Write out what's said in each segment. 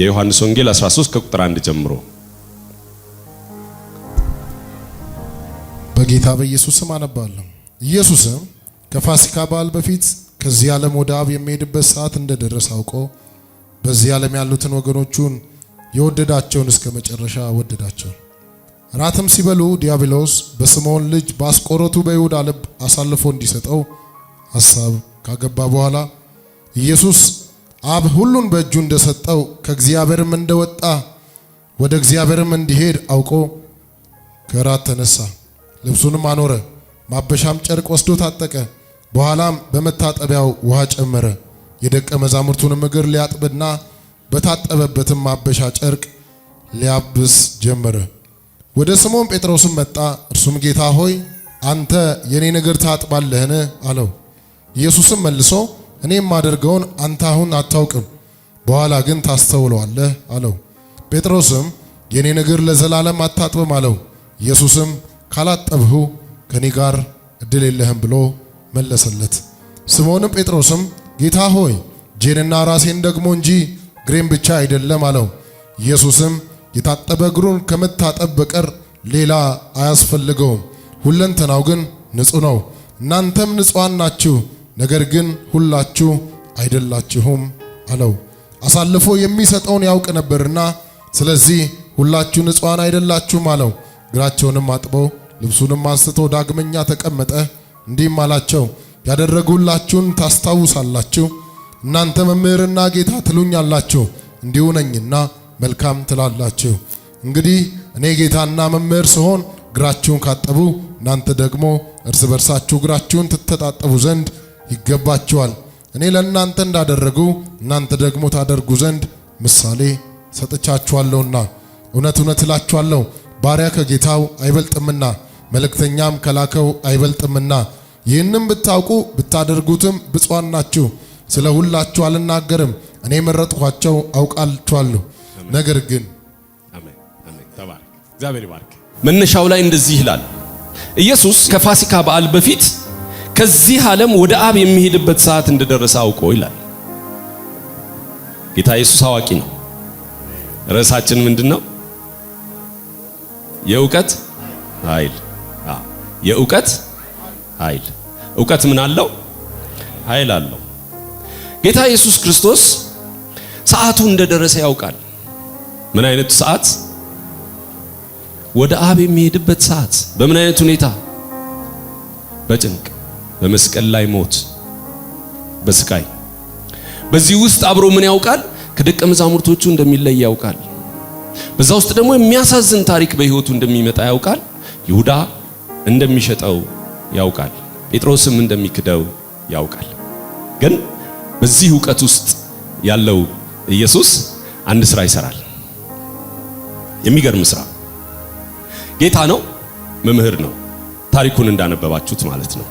የዮሐንስ ወንጌል 13 ከቁጥር 1 ጀምሮ በጌታ በኢየሱስ ስም አነባለሁ። ኢየሱስም ከፋሲካ በዓል በፊት ከዚህ ዓለም ወደ አብ የሚሄድበት ሰዓት እንደደረሰ አውቆ በዚህ ዓለም ያሉትን ወገኖቹን የወደዳቸውን እስከ መጨረሻ ወደዳቸው። ራትም ሲበሉ ዲያብሎስ በስምዖን ልጅ በአስቆረቱ በይሁዳ ልብ አሳልፎ እንዲሰጠው ሐሳብ ካገባ በኋላ ኢየሱስ አብ ሁሉን በእጁ እንደሰጠው ከእግዚአብሔርም እንደወጣ ወደ እግዚአብሔርም እንዲሄድ አውቆ ከራት ተነሳ፣ ልብሱንም አኖረ፣ ማበሻም ጨርቅ ወስዶ ታጠቀ። በኋላም በመታጠቢያው ውሃ ጨመረ። የደቀ መዛሙርቱንም እግር ሊያጥብና በታጠበበትም ማበሻ ጨርቅ ሊያብስ ጀመረ። ወደ ስምዖን ጴጥሮስም መጣ። እርሱም ጌታ ሆይ አንተ የእኔ እግር ታጥባለህን? አለው። ኢየሱስም መልሶ እኔ የማደርገውን አንተ አሁን አታውቅም፣ በኋላ ግን ታስተውለዋለህ አለው። ጴጥሮስም የእኔን እግር ለዘላለም አታጥብም አለው። ኢየሱስም ካላጠብሁ ከኔ ጋር እድል የለህም ብሎ መለሰለት። ስምዖንም ጴጥሮስም ጌታ ሆይ እጄንና ራሴን ደግሞ እንጂ እግሬን ብቻ አይደለም አለው። ኢየሱስም የታጠበ እግሩን ከመታጠብ በቀር ሌላ አያስፈልገውም፣ ሁለንተናው ግን ንጹሕ ነው። እናንተም ንጹሐን ናችሁ ነገር ግን ሁላችሁ አይደላችሁም አለው። አሳልፎ የሚሰጠውን ያውቅ ነበርና፣ ስለዚህ ሁላችሁ ንጹሐን አይደላችሁም አለው። እግራቸውንም አጥበው ልብሱንም አንስቶ ዳግመኛ ተቀመጠ። እንዲህም አላቸው፣ ያደረጉላችሁን ታስታውሳላችሁ። እናንተ መምህርና ጌታ ትሉኛላችሁ፣ እንዲሁ ነኝና መልካም ትላላችሁ። እንግዲህ እኔ ጌታና መምህር ስሆን እግራችሁን ካጠቡ እናንተ ደግሞ እርስ በርሳችሁ እግራችሁን ትተጣጠቡ ዘንድ ይገባችኋል። እኔ ለእናንተ እንዳደረጉ እናንተ ደግሞ ታደርጉ ዘንድ ምሳሌ ሰጥቻችኋለሁና። እውነት እውነት እላችኋለሁ ባሪያ ከጌታው አይበልጥምና፣ መልእክተኛም ከላከው አይበልጥምና። ይህንም ብታውቁ ብታደርጉትም ብፁዓን ናችሁ። ስለ ሁላችሁ አልናገርም፣ እኔ መረጥኳቸው አውቃችኋለሁ። ነገር ግን መነሻው ላይ እንደዚህ ይላል ኢየሱስ ከፋሲካ በዓል በፊት ከዚህ ዓለም ወደ አብ የሚሄድበት ሰዓት እንደደረሰ አውቆ ይላል። ጌታ ኢየሱስ አዋቂ ነው። ርዕሳችን ምንድን ነው? የእውቀት ኃይል። የእውቀት ኃይል። እውቀት ምን አለው? ኃይል አለው። ጌታ ኢየሱስ ክርስቶስ ሰዓቱ እንደደረሰ ያውቃል። ምን አይነቱ ሰዓት? ወደ አብ የሚሄድበት ሰዓት። በምን አይነት ሁኔታ? በጭንቅ በመስቀል ላይ ሞት በስቃይ በዚህ ውስጥ አብሮ ምን ያውቃል? ከደቀ መዛሙርቶቹ እንደሚለይ ያውቃል። በዛ ውስጥ ደግሞ የሚያሳዝን ታሪክ በህይወቱ እንደሚመጣ ያውቃል። ይሁዳ እንደሚሸጠው ያውቃል። ጴጥሮስም እንደሚክደው ያውቃል። ግን በዚህ እውቀት ውስጥ ያለው ኢየሱስ አንድ ስራ ይሰራል። የሚገርም ስራ። ጌታ ነው፣ መምህር ነው። ታሪኩን እንዳነበባችሁት ማለት ነው።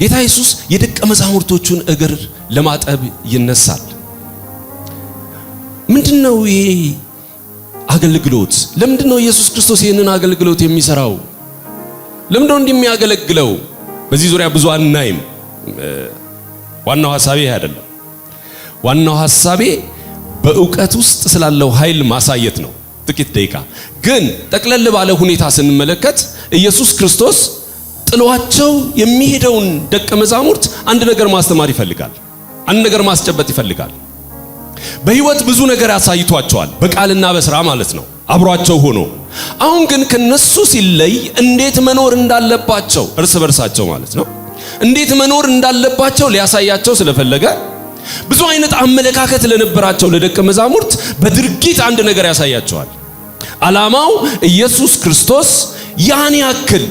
ጌታ ኢየሱስ የደቀ መዛሙርቶቹን እግር ለማጠብ ይነሳል። ምንድነው ይሄ አገልግሎት? ለምንድነው ኢየሱስ ክርስቶስ ይህንን አገልግሎት የሚሰራው? ለምንድነው እንደሚያገለግለው? በዚህ ዙሪያ ብዙ አናይም። ዋናው ሐሳቤ ይሄ አይደለም። ዋናው ሐሳቤ በእውቀት ውስጥ ስላለው ኃይል ማሳየት ነው። ጥቂት ደቂቃ ግን ጠቅለል ባለ ሁኔታ ስንመለከት ኢየሱስ ክርስቶስ ጥሏቸው የሚሄደውን ደቀ መዛሙርት አንድ ነገር ማስተማር ይፈልጋል። አንድ ነገር ማስጨበጥ ይፈልጋል። በህይወት ብዙ ነገር አሳይቷቸዋል፣ በቃልና በስራ ማለት ነው፣ አብሯቸው ሆኖ። አሁን ግን ከነሱ ሲለይ እንዴት መኖር እንዳለባቸው እርስ በርሳቸው ማለት ነው እንዴት መኖር እንዳለባቸው ሊያሳያቸው ስለፈለገ ብዙ አይነት አመለካከት ለነበራቸው ለደቀ መዛሙርት በድርጊት አንድ ነገር ያሳያቸዋል። ዓላማው ኢየሱስ ክርስቶስ ያን ያክል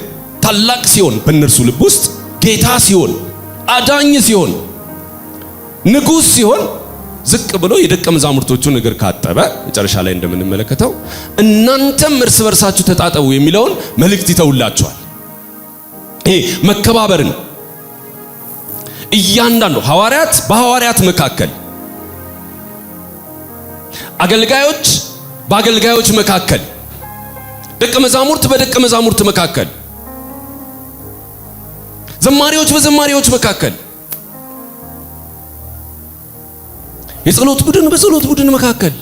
ታላቅ ሲሆን በእነርሱ ልብ ውስጥ ጌታ ሲሆን፣ አዳኝ ሲሆን፣ ንጉሥ ሲሆን ዝቅ ብሎ የደቀ መዛሙርቶቹ እግር ካጠበ መጨረሻ ላይ እንደምንመለከተው እናንተም እርስ በርሳችሁ ተጣጠቡ የሚለውን መልእክት ይተውላችኋል። ይሄ መከባበርን እያንዳንዱ ሐዋርያት በሐዋርያት መካከል፣ አገልጋዮች በአገልጋዮች መካከል፣ ደቀ መዛሙርት በደቀ መዛሙርት መካከል ዘማሪዎች በዘማሪዎች መካከል የጸሎት ቡድን በጸሎት ቡድን መካከል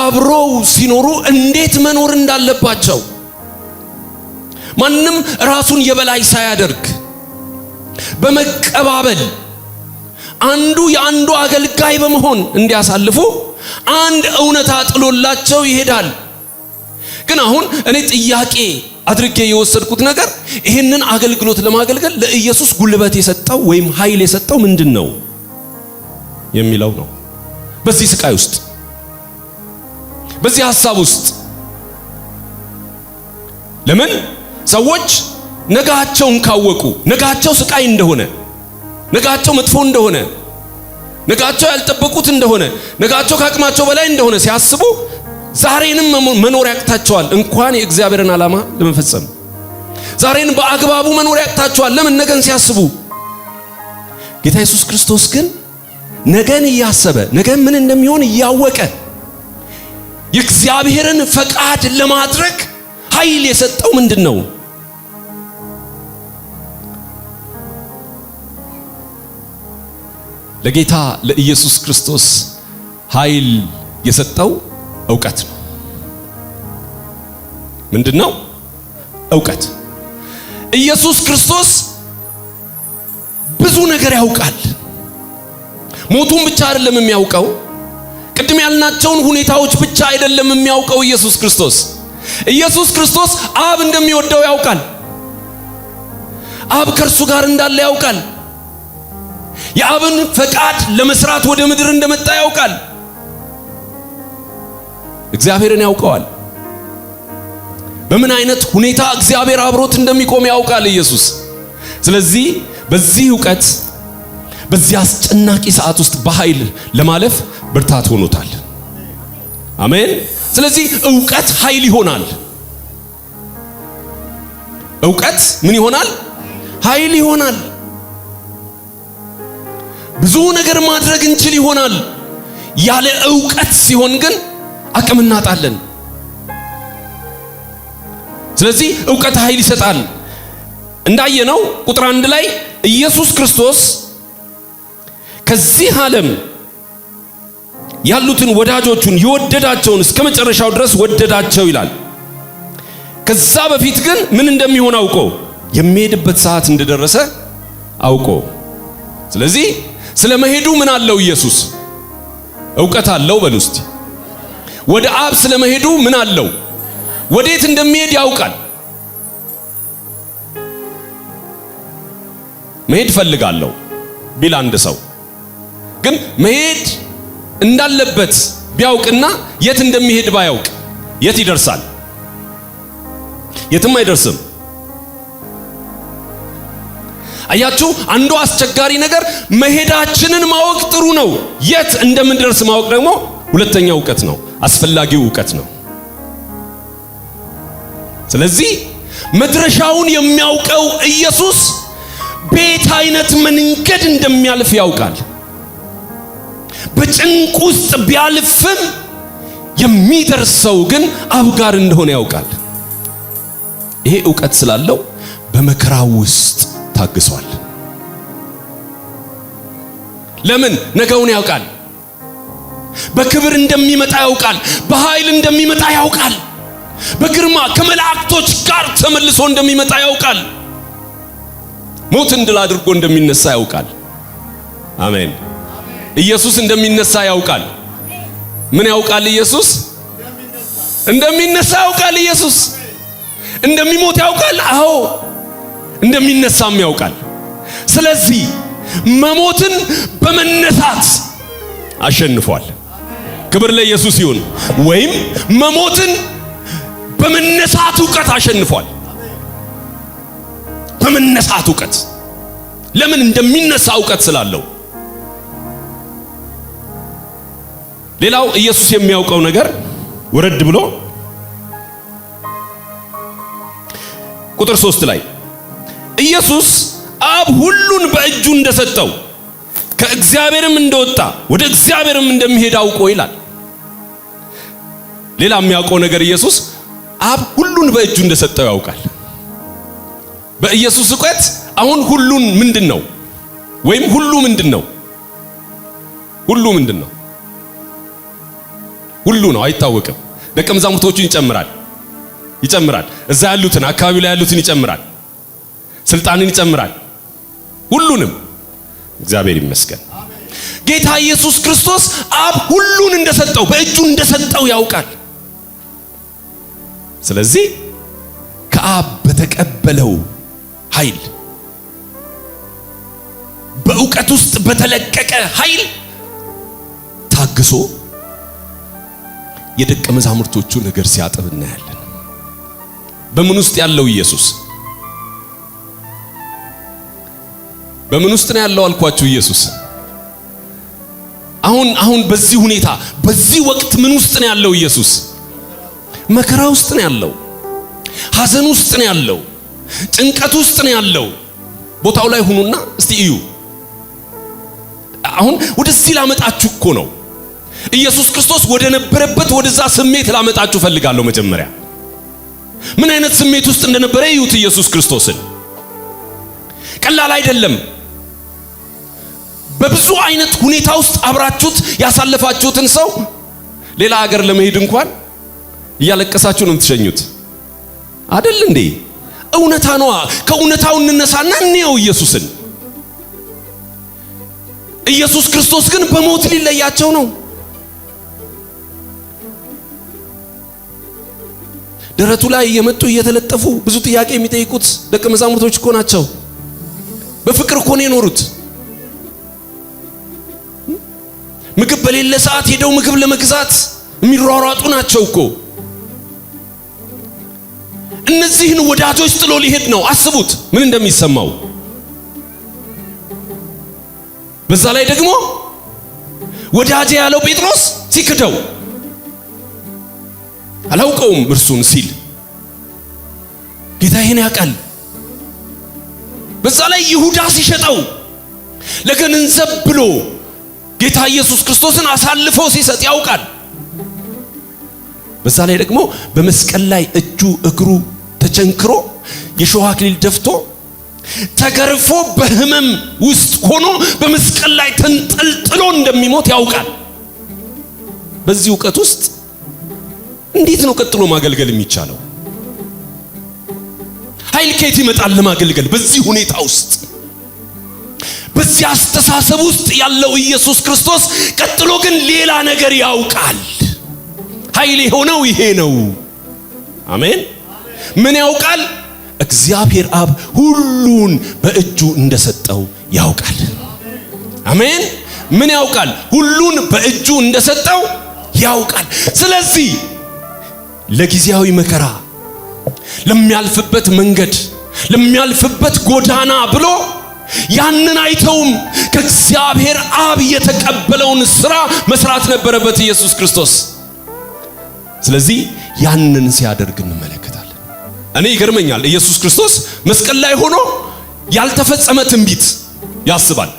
አብረው ሲኖሩ እንዴት መኖር እንዳለባቸው ማንም ራሱን የበላይ ሳያደርግ በመቀባበል አንዱ የአንዱ አገልጋይ በመሆን እንዲያሳልፉ አንድ እውነት ጥሎላቸው ይሄዳል። ግን አሁን እኔ ጥያቄ አድርጌ የወሰድኩት ነገር ይህንን አገልግሎት ለማገልገል ለኢየሱስ ጉልበት የሰጠው ወይም ኃይል የሰጠው ምንድን ነው የሚለው ነው። በዚህ ስቃይ ውስጥ በዚህ ሐሳብ ውስጥ ለምን ሰዎች ነጋቸውን ካወቁ ነጋቸው ስቃይ እንደሆነ ነጋቸው መጥፎ እንደሆነ ነጋቸው ያልጠበቁት እንደሆነ ነጋቸው ከአቅማቸው በላይ እንደሆነ ሲያስቡ ዛሬንም መኖር ያቅታቸዋል፣ እንኳን የእግዚአብሔርን ዓላማ ለመፈጸም ዛሬን በአግባቡ መኖር ያቅታቸዋል። ለምን ነገን ሲያስቡ። ጌታ ኢየሱስ ክርስቶስ ግን ነገን እያሰበ ነገን ምን እንደሚሆን እያወቀ የእግዚአብሔርን ፈቃድ ለማድረግ ኃይል የሰጠው ምንድን ነው? ለጌታ ለኢየሱስ ክርስቶስ ኃይል የሰጠው እውቀት ነው። ምንድን ነው እውቀት? ኢየሱስ ክርስቶስ ብዙ ነገር ያውቃል። ሞቱን ብቻ አይደለም የሚያውቀው፣ ቅድም ያልናቸውን ሁኔታዎች ብቻ አይደለም የሚያውቀው ኢየሱስ ክርስቶስ። ኢየሱስ ክርስቶስ አብ እንደሚወደው ያውቃል። አብ ከእርሱ ጋር እንዳለ ያውቃል። የአብን ፈቃድ ለመስራት ወደ ምድር እንደመጣ ያውቃል። እግዚአብሔርን ያውቀዋል። በምን አይነት ሁኔታ እግዚአብሔር አብሮት እንደሚቆም ያውቃል ኢየሱስ። ስለዚህ በዚህ እውቀት በዚህ አስጨናቂ ሰዓት ውስጥ በኃይል ለማለፍ ብርታት ሆኖታል። አሜን። ስለዚህ እውቀት ኃይል ይሆናል። እውቀት ምን ይሆናል? ኃይል ይሆናል። ብዙ ነገር ማድረግ እንችል ይሆናል። ያለ እውቀት ሲሆን ግን አቅም እናጣለን። ስለዚህ እውቀት ኃይል ይሰጣል። እንዳየነው ቁጥር አንድ ላይ ኢየሱስ ክርስቶስ ከዚህ ዓለም ያሉትን ወዳጆቹን የወደዳቸውን እስከ መጨረሻው ድረስ ወደዳቸው ይላል። ከዛ በፊት ግን ምን እንደሚሆን አውቆ የሚሄድበት ሰዓት እንደደረሰ አውቆ ስለዚህ ስለ መሄዱ ምን አለው ኢየሱስ እውቀት አለው በሉ ወደ አብ ስለመሄዱ ምን አለው? ወዴት እንደሚሄድ ያውቃል። መሄድ ፈልጋለሁ ቢል አንድ ሰው ግን መሄድ እንዳለበት ቢያውቅና የት እንደሚሄድ ባያውቅ የት ይደርሳል? የትም አይደርስም። አያችሁ፣ አንዱ አስቸጋሪ ነገር መሄዳችንን ማወቅ ጥሩ ነው። የት እንደምንደርስ ማወቅ ደግሞ ሁለተኛው እውቀት ነው። አስፈላጊው እውቀት ነው። ስለዚህ መድረሻውን የሚያውቀው ኢየሱስ ቤት አይነት መንገድ እንደሚያልፍ ያውቃል። በጭንቅ ውስጥ ቢያልፍም የሚደርሰው ግን አብ ጋር እንደሆነ ያውቃል። ይሄ እውቀት ስላለው በመከራው ውስጥ ታግሷል። ለምን? ነገውን ያውቃል። በክብር እንደሚመጣ ያውቃል። በኃይል እንደሚመጣ ያውቃል። በግርማ ከመላእክቶች ጋር ተመልሶ እንደሚመጣ ያውቃል። ሞትን ድል አድርጎ እንደሚነሳ ያውቃል። አሜን። ኢየሱስ እንደሚነሳ ያውቃል። ምን ያውቃል? ኢየሱስ እንደሚነሳ ያውቃል። ኢየሱስ እንደሚሞት ያውቃል። አዎ እንደሚነሳም ያውቃል። ስለዚህ መሞትን በመነሳት አሸንፏል። ክብር ለኢየሱስ ይሁን። ወይም መሞትን በመነሳት እውቀት አሸንፏል። በመነሳት እውቀት ለምን እንደሚነሳ እውቀት ስላለው። ሌላው ኢየሱስ የሚያውቀው ነገር ወረድ ብሎ ቁጥር ሶስት ላይ ኢየሱስ አብ ሁሉን በእጁ እንደሰጠው ከእግዚአብሔርም እንደወጣ ወደ እግዚአብሔርም እንደሚሄድ አውቆ ይላል። ሌላ የሚያውቀው ነገር ኢየሱስ አብ ሁሉን በእጁ እንደሰጠው ያውቃል። በኢየሱስ እውቀት አሁን ሁሉን ምንድን ነው ወይም ሁሉ ምንድን ነው? ሁሉ ምንድን ነው? ሁሉ ነው አይታወቅም። ደቀ መዛሙርቶቹን ይጨምራል ይጨምራል። እዛ ያሉትን አካባቢው ላይ ያሉትን ይጨምራል። ስልጣንን ይጨምራል። ሁሉንም እግዚአብሔር ይመስገን። ጌታ ኢየሱስ ክርስቶስ አብ ሁሉን እንደሰጠው በእጁ እንደሰጠው ያውቃል። ስለዚህ ከአብ በተቀበለው ኃይል በእውቀት ውስጥ በተለቀቀ ኃይል ታግሶ የደቀ መዛሙርቶቹን እግር ሲያጥብ እናያለን። በምን ውስጥ ያለው ኢየሱስ? በምን ውስጥ ነው ያለው አልኳችሁ? ኢየሱስ አሁን አሁን በዚህ ሁኔታ በዚህ ወቅት ምን ውስጥ ነው ያለው ኢየሱስ? መከራ ውስጥ ነው ያለው፣ ሐዘን ውስጥ ነው ያለው፣ ጭንቀት ውስጥ ነው ያለው። ቦታው ላይ ሁኑና እስቲ እዩ። አሁን ወደዚህ ላመጣችሁ እኮ ነው ኢየሱስ ክርስቶስ ወደ ነበረበት ወደዛ ስሜት ላመጣችሁ ፈልጋለሁ። መጀመሪያ ምን አይነት ስሜት ውስጥ እንደነበረ እዩት። ኢየሱስ ክርስቶስን ቀላል አይደለም። በብዙ አይነት ሁኔታ ውስጥ አብራችሁት ያሳለፋችሁትን ሰው ሌላ ሀገር ለመሄድ እንኳን እያለቀሳችሁ ነው የምትሸኙት አደል እንዴ? እውነታ ነዋ። ከእውነታው እንነሳና እንየው ኢየሱስን። ኢየሱስ ክርስቶስ ግን በሞት ሊለያቸው ነው። ደረቱ ላይ እየመጡ እየተለጠፉ ብዙ ጥያቄ የሚጠይቁት ደቀ መዛሙርቶች እኮ ናቸው። በፍቅር እኮ ነው የኖሩት። ምግብ በሌለ ሰዓት ሄደው ምግብ ለመግዛት የሚሯሯጡ ናቸው እኮ እነዚህን ወዳጆች ጥሎ ሊሄድ ነው። አስቡት ምን እንደሚሰማው። በዛ ላይ ደግሞ ወዳጄ ያለው ጴጥሮስ ሲክደው አላውቀውም እርሱን ሲል ጌታ ይሄን ያውቃል። በዛ ላይ ይሁዳ ሲሸጠው ለገንዘብ ብሎ ጌታ ኢየሱስ ክርስቶስን አሳልፎ ሲሰጥ ያውቃል። በዛ ላይ ደግሞ በመስቀል ላይ እጁ እግሩ ተቸንክሮ የሾህ አክሊል ደፍቶ ተገርፎ በህመም ውስጥ ሆኖ በመስቀል ላይ ተንጠልጥሎ እንደሚሞት ያውቃል። በዚህ እውቀት ውስጥ እንዴት ነው ቀጥሎ ማገልገል የሚቻለው? ኃይል ከየት ይመጣል ለማገልገል? በዚህ ሁኔታ ውስጥ በዚህ አስተሳሰብ ውስጥ ያለው ኢየሱስ ክርስቶስ ቀጥሎ ግን ሌላ ነገር ያውቃል። ኃይል የሆነው ይሄ ነው። አሜን። ምን ያውቃል? እግዚአብሔር አብ ሁሉን በእጁ እንደሰጠው ያውቃል። አሜን። ምን ያውቃል? ሁሉን በእጁ እንደሰጠው ያውቃል። ስለዚህ ለጊዜያዊ መከራ፣ ለሚያልፍበት መንገድ፣ ለሚያልፍበት ጎዳና ብሎ ያንን አይተውም። ከእግዚአብሔር አብ የተቀበለውን ስራ መስራት ነበረበት ኢየሱስ ክርስቶስ። ስለዚህ ያንን ሲያደርግ እንመለከታለን። እኔ ይገርመኛል። ኢየሱስ ክርስቶስ መስቀል ላይ ሆኖ ያልተፈጸመ ትንቢት ያስባል።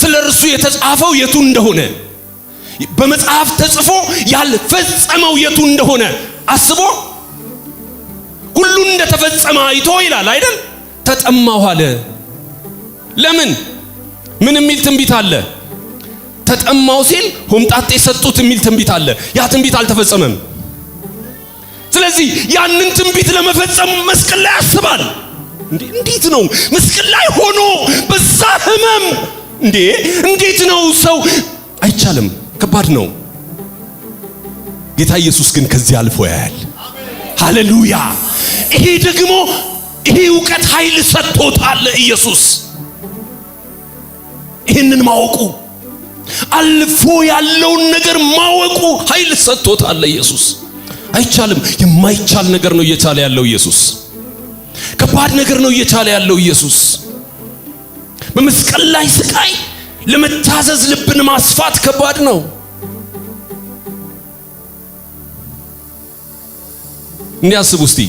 ስለ እርሱ የተጻፈው የቱ እንደሆነ በመጽሐፍ ተጽፎ ያልፈጸመው የቱ እንደሆነ አስቦ ሁሉ እንደተፈጸመ አይቶ ይላል አይደል? ተጠማሁ አለ። ለምን ምን የሚል ትንቢት አለ? ተጠማው ሲል ሆምጣጤ ሰጡት የሚል ትንቢት አለ። ያ ትንቢት አልተፈጸመም። ስለዚህ ያንን ትንቢት ለመፈጸም መስቀል ላይ ያስባል። እንዴት ነው መስቀል ላይ ሆኖ በዛ ህመም እንዴ! እንዴት ነው ሰው አይቻልም። ከባድ ነው። ጌታ ኢየሱስ ግን ከዚህ አልፎ ያያል። ሃሌሉያ! ይሄ ደግሞ ይሄ እውቀት ኃይል ሰጥቶታል ኢየሱስ ይህንን ማወቁ አልፎ ያለውን ነገር ማወቁ ኃይል ሰጥቶታል ኢየሱስ። አይቻልም። የማይቻል ነገር ነው እየቻለ ያለው ኢየሱስ። ከባድ ነገር ነው እየቻለ ያለው ኢየሱስ። በመስቀል ላይ ስቃይ ለመታዘዝ ልብን ማስፋት ከባድ ነው። እንዲያስቡ እስቲ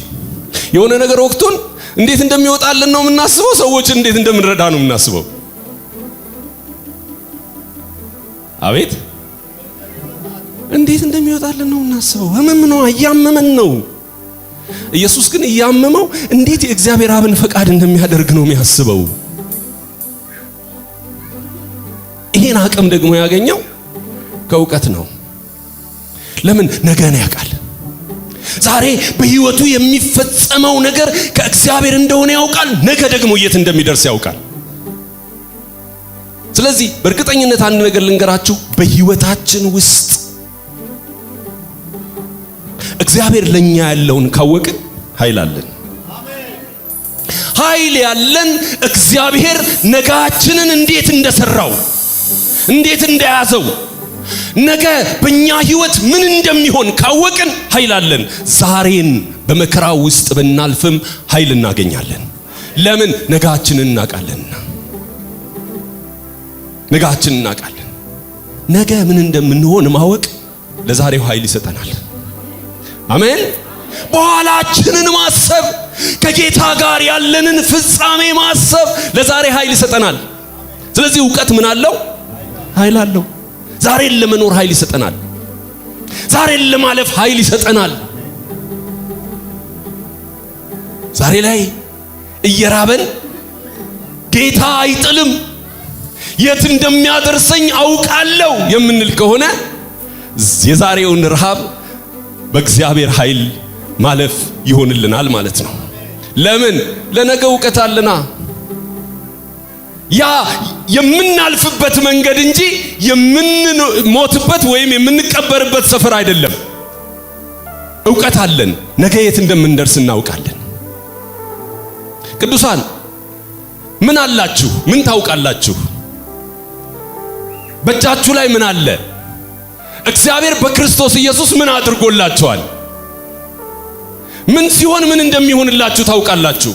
የሆነ ነገር ወቅቱን እንዴት እንደሚወጣልን ነው የምናስበው። ሰዎችን እንዴት እንደምንረዳ ነው የምናስበው። አቤት እንዴት እንደሚወጣልን ነው እናስበው። ህመም ነው፣ እያመመን ነው። ኢየሱስ ግን እያመመው እንዴት የእግዚአብሔር አብን ፈቃድ እንደሚያደርግ ነው የሚያስበው። ይሄን አቅም ደግሞ ያገኘው ከእውቀት ነው። ለምን ነገን ያውቃል። ዛሬ በህይወቱ የሚፈጸመው ነገር ከእግዚአብሔር እንደሆነ ያውቃል። ነገ ደግሞ የት እንደሚደርስ ያውቃል። ስለዚህ በእርግጠኝነት አንድ ነገር ልንገራችሁ፣ በህይወታችን ውስጥ እግዚአብሔር ለኛ ያለውን ካወቅን ኃይል አለን። ኃይል ያለን እግዚአብሔር ነጋችንን እንዴት እንደሰራው እንዴት እንደያዘው ነገ በእኛ ህይወት ምን እንደሚሆን ካወቅን ኃይል አለን። ዛሬን በመከራ ውስጥ ብናልፍም ኃይል እናገኛለን። ለምን? ነጋችንን እናውቃለንና። ነጋችን እናውቃለን። ነገ ምን እንደምንሆን ማወቅ ለዛሬው ኃይል ይሰጠናል። አሜን። በኋላችንን ማሰብ ከጌታ ጋር ያለንን ፍጻሜ ማሰብ ለዛሬ ኃይል ይሰጠናል። ስለዚህ እውቀት ምን አለው? ኃይል አለው። ዛሬን ለመኖር ኃይል ይሰጠናል። ዛሬን ለማለፍ ኃይል ይሰጠናል። ዛሬ ላይ እየራበን ጌታ አይጥልም። የት እንደሚያደርሰኝ አውቃለሁ የምንል ከሆነ የዛሬውን ረሃብ በእግዚአብሔር ኃይል ማለፍ ይሆንልናል ማለት ነው። ለምን? ለነገ እውቀት አለና ያ የምናልፍበት መንገድ እንጂ የምንሞትበት ወይም የምንቀበርበት ሰፈር አይደለም። እውቀት አለን። ነገ የት እንደምንደርስ እናውቃለን። ቅዱሳን ምን አላችሁ? ምን ታውቃላችሁ? በእጃችሁ ላይ ምን አለ? እግዚአብሔር በክርስቶስ ኢየሱስ ምን አድርጎላችኋል? ምን ሲሆን ምን እንደሚሆንላችሁ ታውቃላችሁ።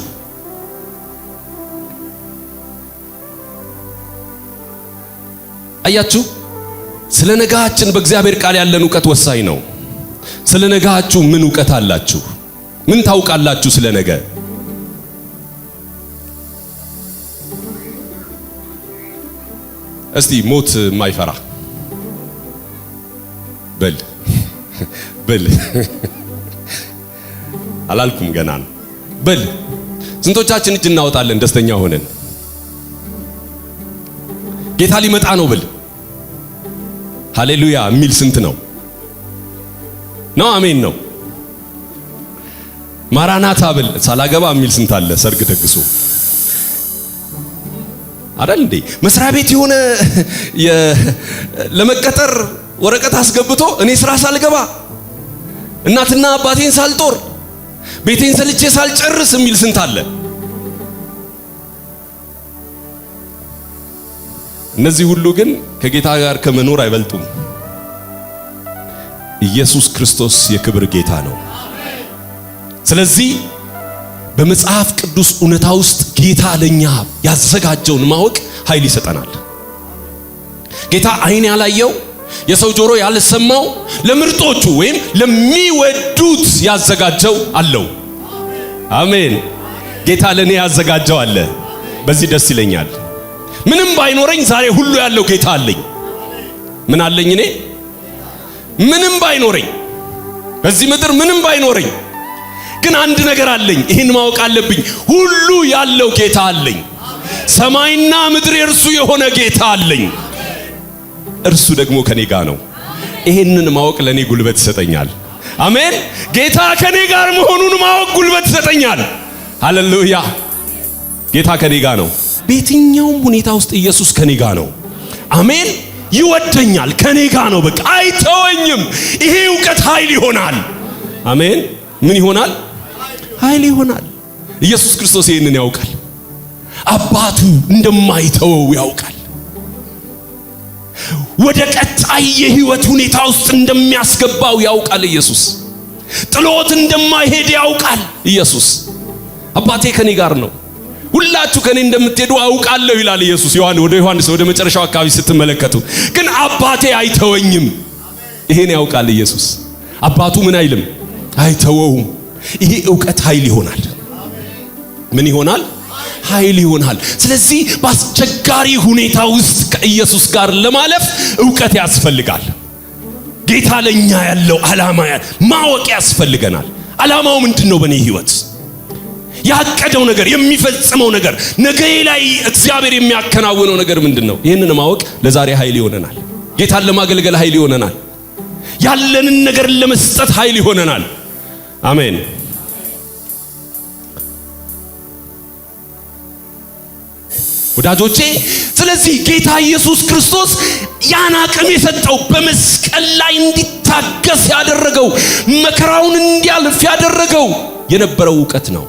አያችሁ፣ ስለ ነጋችን በእግዚአብሔር ቃል ያለን እውቀት ወሳኝ ነው። ስለ ነጋችሁ ምን እውቀት አላችሁ? ምን ታውቃላችሁ ስለ ነገ? እስቲ ሞት የማይፈራ በል በል። አላልኩም ገና ነው። በል ስንቶቻችን እጅ እናወጣለን ደስተኛ ሆነን ጌታ ሊመጣ ነው ብል ሃሌሉያ የሚል ስንት ነው ነው? አሜን ነው። ማራናታ ብል ሳላገባ የሚል ስንት አለ ሰርግ ደግሶ አይደል እንዴ? መስሪያ ቤት የሆነ ለመቀጠር ወረቀት አስገብቶ እኔ ስራ ሳልገባ እናትና አባቴን ሳልጦር ቤቴን ሰልቼ ሳልጨርስ የሚል ስንት አለ። እነዚህ ሁሉ ግን ከጌታ ጋር ከመኖር አይበልጡም። ኢየሱስ ክርስቶስ የክብር ጌታ ነው። ስለዚህ በመጽሐፍ ቅዱስ እውነታ ውስጥ ጌታ ለኛ ያዘጋጀውን ማወቅ ኃይል ይሰጠናል። ጌታ አይን ያላየው የሰው ጆሮ ያልሰማው ለምርጦቹ ወይም ለሚወዱት ያዘጋጀው አለው። አሜን። ጌታ ለኔ ያዘጋጀው አለ። በዚህ ደስ ይለኛል። ምንም ባይኖረኝ ዛሬ ሁሉ ያለው ጌታ አለኝ። ምን አለኝ? እኔ ምንም ባይኖረኝ በዚህ ምድር ምንም ባይኖረኝ ግን አንድ ነገር አለኝ። ይህን ማወቅ አለብኝ። ሁሉ ያለው ጌታ አለኝ። ሰማይና ምድር የእርሱ የሆነ ጌታ አለኝ። እርሱ ደግሞ ከኔ ጋር ነው። ይህንን ማወቅ ለእኔ ጉልበት ይሰጠኛል። አሜን። ጌታ ከኔ ጋር መሆኑን ማወቅ ጉልበት ይሰጠኛል። ሃሌሉያ። ጌታ ከኔ ጋር ነው። በየትኛውም ሁኔታ ውስጥ ኢየሱስ ከኔ ጋር ነው። አሜን። ይወደኛል። ከኔ ጋር ነው። በቃ አይተወኝም። ይሄ እውቀት ኃይል ይሆናል። አሜን። ምን ይሆናል? ኃይል ይሆናል። ኢየሱስ ክርስቶስ ይህንን ያውቃል። አባቱ እንደማይተወው ያውቃል። ወደ ቀጣይ የህይወት ሁኔታ ውስጥ እንደሚያስገባው ያውቃል። ኢየሱስ ጥሎት እንደማይሄድ ያውቃል። ኢየሱስ አባቴ ከኔ ጋር ነው፣ ሁላችሁ ከኔ እንደምትሄዱ አውቃለሁ ይላል ኢየሱስ። ዮሐን ወደ ዮሐንስ ወደ መጨረሻው አካባቢ ስትመለከቱ ግን አባቴ አይተወኝም። ይሄን ያውቃል ኢየሱስ። አባቱ ምን አይልም፣ አይተወውም። ይሄ እውቀት ኃይል ይሆናል። ምን ይሆናል? ኃይል ይሆናል። ስለዚህ በአስቸጋሪ ሁኔታ ውስጥ ከኢየሱስ ጋር ለማለፍ እውቀት ያስፈልጋል። ጌታ ለኛ ያለው ዓላማ ማወቅ ያስፈልገናል። ዓላማው ምንድን ነው? በእኔ ህይወት ያቀደው ነገር የሚፈጽመው ነገር ነገ ላይ እግዚአብሔር የሚያከናውነው ነገር ምንድን ነው? ይህንን ማወቅ ለዛሬ ኃይል ይሆነናል። ጌታን ለማገልገል ኃይል ይሆነናል። ያለንን ነገር ለመስጠት ኃይል ይሆነናል። አሜን። ወዳጆቼ ስለዚህ ጌታ ኢየሱስ ክርስቶስ ያን አቅም የሰጠው በመስቀል ላይ እንዲታገስ ያደረገው መከራውን እንዲያልፍ ያደረገው የነበረው እውቀት ነው።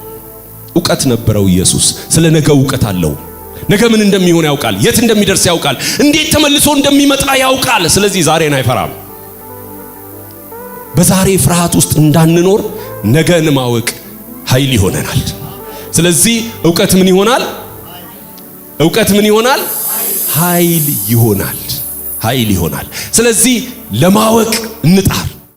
እውቀት ነበረው። ኢየሱስ ስለ ነገ እውቀት አለው። ነገ ምን እንደሚሆን ያውቃል። የት እንደሚደርስ ያውቃል። እንዴት ተመልሶ እንደሚመጣ ያውቃል። ስለዚህ ዛሬን አይፈራም። በዛሬ ፍርሃት ውስጥ እንዳንኖር ነገን ማወቅ ኃይል ይሆነናል። ስለዚህ እውቀት ምን ይሆናል? እውቀት ምን ይሆናል? ኃይል ይሆናል። ኃይል ይሆናል። ስለዚህ ለማወቅ እንጣር።